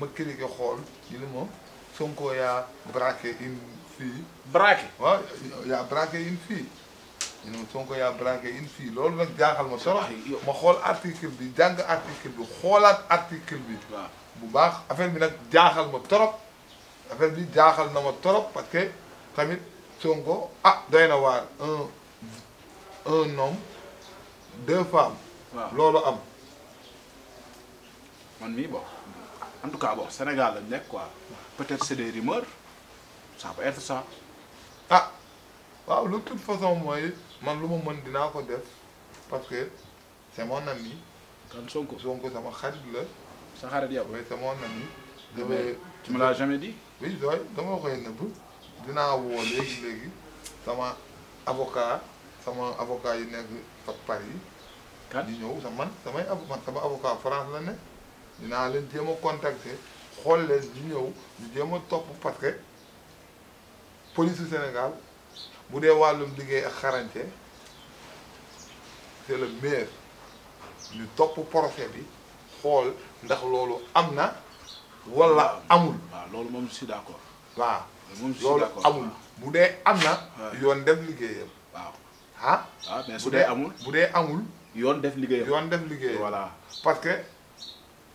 مكري يقول كلمة سونكو يا براكي إن في براكي وا يا براكي إن في إنه سونكو يا براكي إن في لول من داخل مشروعي ما خال أرتيكل بي دانج أرتيكل بي خالات أرتيكل بي مباخ أفهم منك داخل مطرب أفهم بي داخل نما مطرب بس كي كمين سونكو أ دينا وار un homme, deux femmes, wow. l'autre homme. man ami bon en tout cas bon Sénégal lañ nekk quoi peut-être c'est des rumeurs ça peut être ça. ah waaw de toute façon moi, man lu ma dina dinaa ko def parce que c'est mon ami. kan Sonko Sonko sama xarit la. sa xarit yow oui c'est mon ami. damay tu me l'as jamais dit. oui oui dama koy nëbb dina woo léegi léegi sama avocat sama avocat yi est à Paris. kan di ñëw sa man mon avocat sama avocat France la ne dinaa leen contacté, contacter xol di police du Sénégal vous walum voir le ak c'est le meilleur ñu top procès bi xol ndax lolu wala amul. wa lolu d'accord. amul Si ah? ah, amul boudé amna def ha, ah. amul boudé amul. def voilà parce que.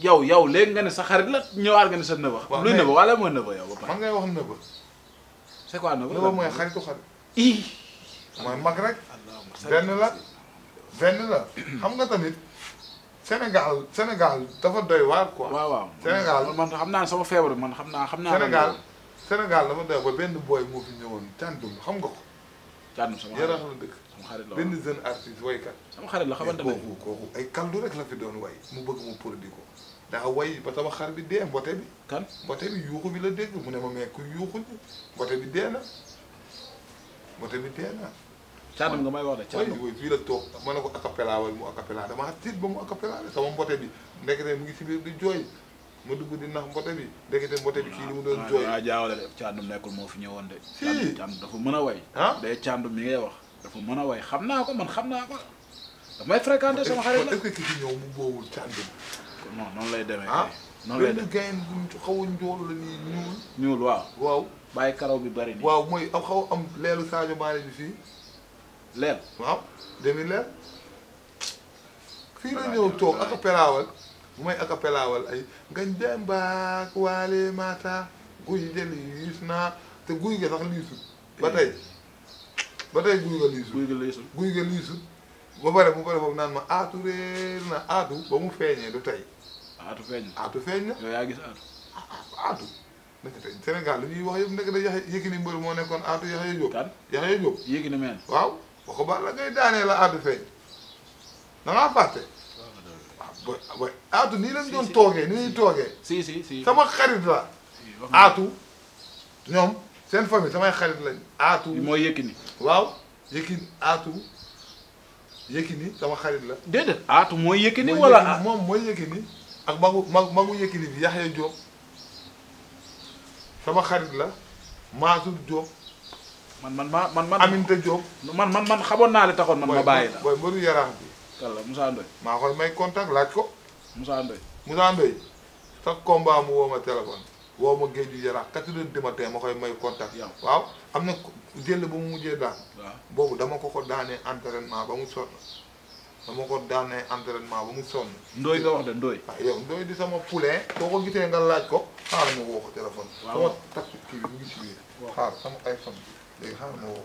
yow yow léegi nga ne sa xarit la ñëwaat nga ne sa nëba. waaw luy nëba wala moo nëba yow ba pare. man ngay wax nëba. c'est quoi nëba nëba mooy xaritu xarit. ii mooy mag rek. benn la benn nga tamit. Sénégal Sénégal dafa doy waar quoi. waaw waaw Sénégal man xam naa sama feebar man xam naa. xam naa Sénégal Sénégal dafa doy ba benn booy moo fi ñëwoon càndum xam nga ko. Thiatou sama xarit la dëkk sama xarit la benn jeune artiste waykat sama xarit la xamante ne kooku kooku ay kaldu rek la fi doon way mu bëgg mu produit ko daa way ba sama xarit bi dee mbote bi kan mbote bi yuuxu bi la dégg mu ne ma mais ku yuuxu bi mbote bi dee na mbote bi dee na Thiatou nga may wax de Thiatou way fii la toog ma ne ko acapella way mu acapella damaa tiit ba mu acapella sama mbote bi nekk ne mu ngi si biir di jooy ma dugg di nax mbote bi ndekete mbote bi kii li mu doon jooy waaw jaawale de càndum nekkul moo fi ñëwoon de càndum dafa mën a way ah day càndum mi ngay wax dafa mën a way xam naa ko man xam naa ko damay fréquenté sama xarit la est-ce que kii ñëw mu boowul càndum non noonu lay demee ah noonu lay demee gayen bu xaw a njool la nii ñuul ñuul waaw waaw bàyyi karaw bi bari nii waaw mooy am xaw am leelu Sadio Mané bi fii leel waaw demi leer fii la ñëw toog ak a peraawal bu may acapella wal ay ngañ dem baak waale maata guy jël liis naa te guy ga sax liisut ba eh. tey ba tey guy ga liisut guy ga liisut ba pare mu pare foofu naan ma aatu réer na aatu ba mu feeñee du tey atu feeñ na aatu feeñ yaa gis aatu ah, ah, aatu nekk tey Sénégal li ñuy wax yëpp nekk da yaxe Yékini mbër moo nekkoon aatu Yaxya Jóob kan Yaxya Jóob Yékini meen waaw waxu ba la ngay daanee la aatu feeñ da ngaa fàtte wa aatu nii lañ doon toogee ni ñuy toogee. si si si sama xarit la. aatu ñoom seen famille samay xarit lañ. aatu mooy Yékini. waaw Yékini aatu Yékini sama xarit la. déedéet aatu mooy Yékini. wala moom mooy Yékini ak magu magu magu Yékini bi Yaxya sama xarit la Mansour Diop. man man man man Aminata Diop. man man man xamoon naa li taxoon man ma bàyyi la. booy mbaru yaraax bi. kan la Moussa Ndoye. maa koy may contact laaj ko. Moussa Ndoye. Moussa Ndoye sa combat mu woo ma téléphone woo ma géej gi jaraa quatre heures du ma koy may contact. waaw am na jël ba mu mujjee daan. boobu dama ko ko daanee entraînement ba mu sonn. dama ko daanee entraînement ba mu sonn. Ndoye nga wax de Ndoye. Ah, yow Ndoye di sama poulet. boo ko gisee nga laaj ko xaaral ma woo ko téléphone. waaw sama takk kii bi mu ngi ci biir. xaar sama iPhone bi xaaral ma woo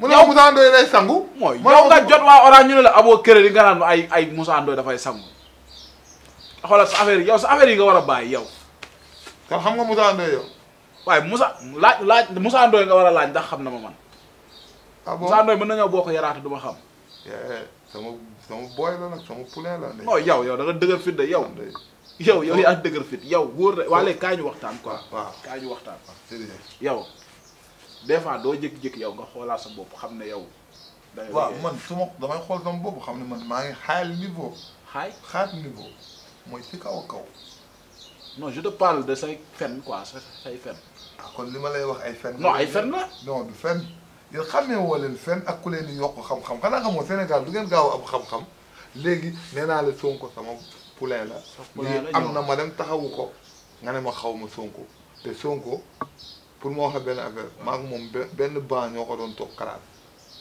mu ne ma Moussa sangu. mooy yow nga jot waa Orange ñu yi nga naan ay ay Moussa Ndoye dafay sangu yow sa affaire yi nga war a bàyyi yow. xam nga Moussa Ndoye yow. waaye Moussa laaj laaj Moussa Ndoye nga war a laaj ndax xam na ma man. ah bon Moussa Ndoye mën nañoo bokk yaraatu du ma xam. Eh, sama sama boy la la. non yow yow da nga dëgër fit de yow. yow yow yaa dëgër fit yow wóor na waa léegi kaa ñu waxtaan quoi. kaa ñu waxtaan. yow. des fois doo jékki-jékki yow nga xoolaat sa bopp xam ne yow. waaw man suma ma damay xool sama boobu xam ne man maa ngi xaayal niveau. xaay xaat niveau mooy si kaw kaw. non je te de say fen quoi sa say fen. ah li ma lay wax ay fen. non ay fen la. non du fen yéen xamee woo leen fen ak ku leen di yokk xam-xam xanaa xamoo Sénégal du ngeen gaaw am xam-xam léegi nee naa la Sonko sama poulain la. am na ma dem taxawu ko nga ne ma xaw ma Sonko te Sonko. pour moo xam benn affaire maa ngi moom benn ban ñoo ko doon toog kalaat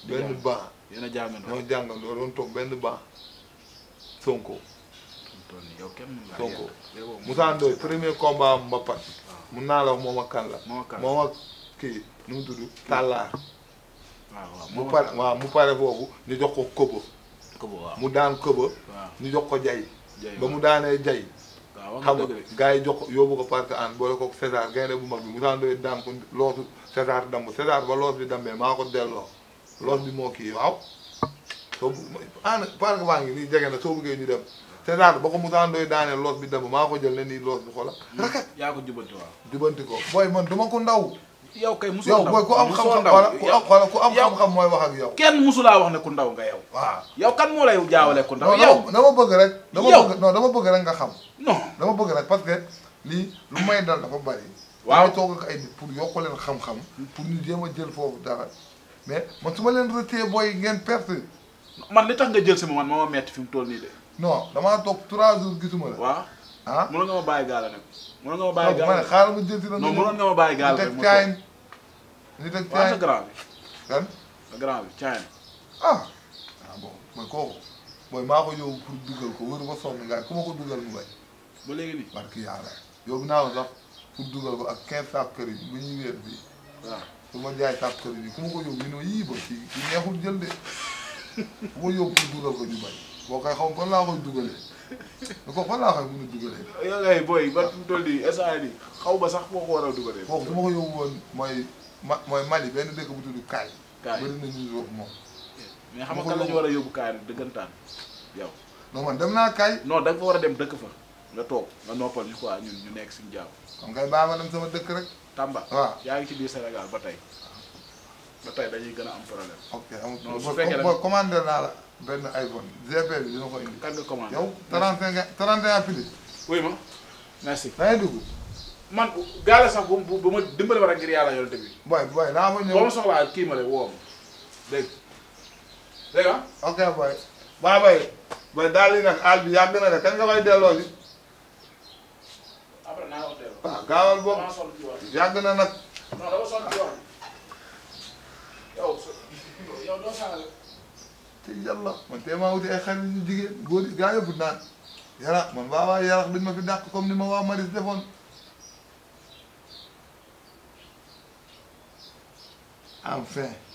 benn ban ñoo jàngandoo doon toog benn ban Sonko Sonko Moussa Ndoye premier combat am mbapat ah. mun naa moom ak kan la moom ak kii nu mu tudd ah, mu pare waaw mu pare foofu ñu jox ko koba mu daan koba ñu jox ko jay ba mu daanee jay xam nga gars yi jox yóbbu ko parc an boole ko César gaynde bu mag bi mu daan doy daam ko loosu César damb César ba loos bi dambee maa ko delloo loos bi moo kii waaw soo an parc baa ngi nii jege na soo bëggee ñu dem César ba ko mu daan doy daaneel loos bi damb maa ko jël ne nii loos bi xoola hmm, rakat yaa ko jubanti waaw jubanti ko booy man duma ko ndaw yow kay musul ndaw yow mooy ku am xam-xam wala ku am am xam mooy wax ak yow. kenn musulaa wax ne ku ndaw nga yow. waaw yow kan moo lay jaawale ku ndaw. yow non dama bëgg rek. dama bëgg non dama bëgg rek nga xam. dama bëgg rek parce que lii lu may dal dafa bari. waaw toog ak ay pour yokk leen pour jéem a jël foofu dara mais man su ma leen retéye booy ngeen perte. man li tax nga jël sama man moo metti fi mu toll nii de. non damaa toog trois jours gisuma la. waaw. ah mënoon nga ma bàyyi gaale nag. mënoon nga ma bàyyi gaale nag xaaral ma jëndi la. non mënoon nga ma bàyyi gaale rek mu toog ñu teg caa sa grand bi. kan sa grand bi caa ah ah bon mooy kooku mooy maa ko yóbbu pour dugal ko wër ko sonn nga ku ma ko dugal mu bay. ba léegi nii barki yàlla yóbbu naa ko sax pour dugal ko ak 15 saako kër yi bu ñuy weer bii. waaw pour ma jaay saako kër yi ku ma ko yóbbu ñu ne yii ba ci ci neexul jël de ku ma yóbbu pour dugal ko ñu bay boo koy xaw ma kon laa koy dugalee. kooku fan laa koy mën a dugalee. yow ngay booy ba tool yi instant xaw ma sax moo ko war a dugalee. kooku su ma ko yóbbu woon mooy ma mooy Mali benn dëkk bu tudd Kaay. Kaay bëri na ñu yóbbu moom. mais xam nga kan la ñu war a yóbbu Kaay yow. non man dem naa Kaay. non da nga fa war a dem dëkk fa nga toog nga noppal ñu quoi ñun ñu nekk si jàmm. xam nga baa ma dem sama dëkk rek. tàmba waaw yaa ngi ci biir senegal ba tey ba tey dañuy gën a am problème. ok amul su fekkee naa la. benn iPhone GP bi dina ko indi. kan nga commandé yow 31 31 pilis. oui ma merci. da ngay dugg. man gaale sax bu bu bu ma dimbali ma rek ngir yàlla yoon tamit. booy booy naa ma ñëw boo ma soxlaa kii ma rek woo ma dégg dégg nga. ok booy. baa booy. booy daal di nag aal bi yàgg na de kañ nga koy delloo li après naa ko delloo. waaw ah, gaawal boobu yàgg na nag. non dama sonn ci yow yow doo te yàlla man tey maa wuti ay xarit ñu jigéen góor yi gaa yóbbu naan yarax man waa waa yarax duñ ma fi dàq comme ni ma waa Maris defoon enfin